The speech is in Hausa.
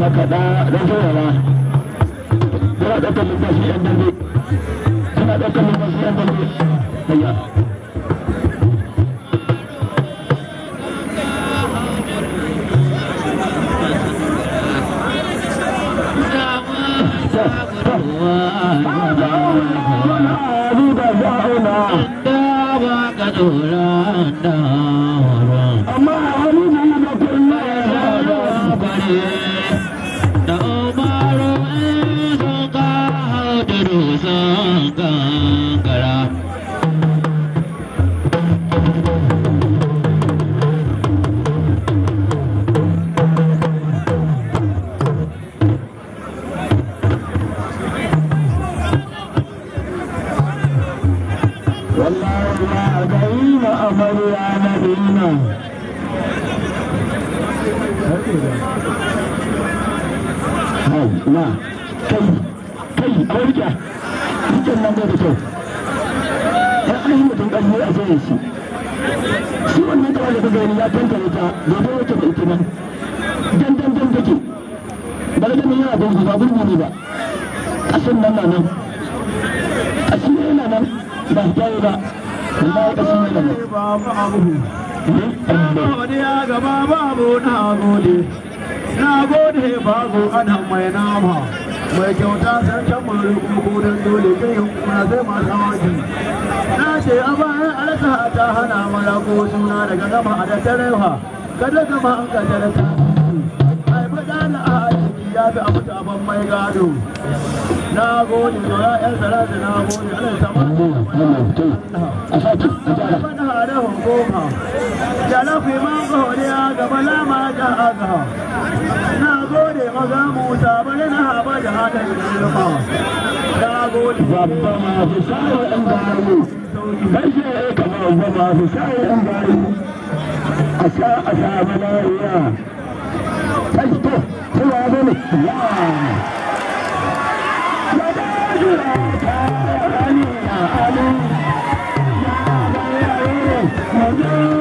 makaɗa da saurara tana ɗaukar numfashi yan dambe tana ɗaukar numfashi yan dambe hayya Oh, والله ما أربعين أمر يا نبينا a zai shi ya tantance da zai wuce yana da ba kyau ba Allah ya babu abu godiya ga babu abu na gode na gode babu ana mai nama mai kyauta sarkin mara kuma don dole kai kuma sai masu haji na ce a bayan alka ta hana mara ko suna daga gama a da tarewa kada gama an ka tarewa ai fada na rabi a mutu abin mai gado na gode da ya yan na gode alai sama a sati a jara ban hare hukuma jala ku ma godiya ga bala ma ga aga na gode maza musa bala na haba da hada da shirma na gode babba ma fi sawo ɗan gano babba fi a sha a sha Hello, Abel. Yeah.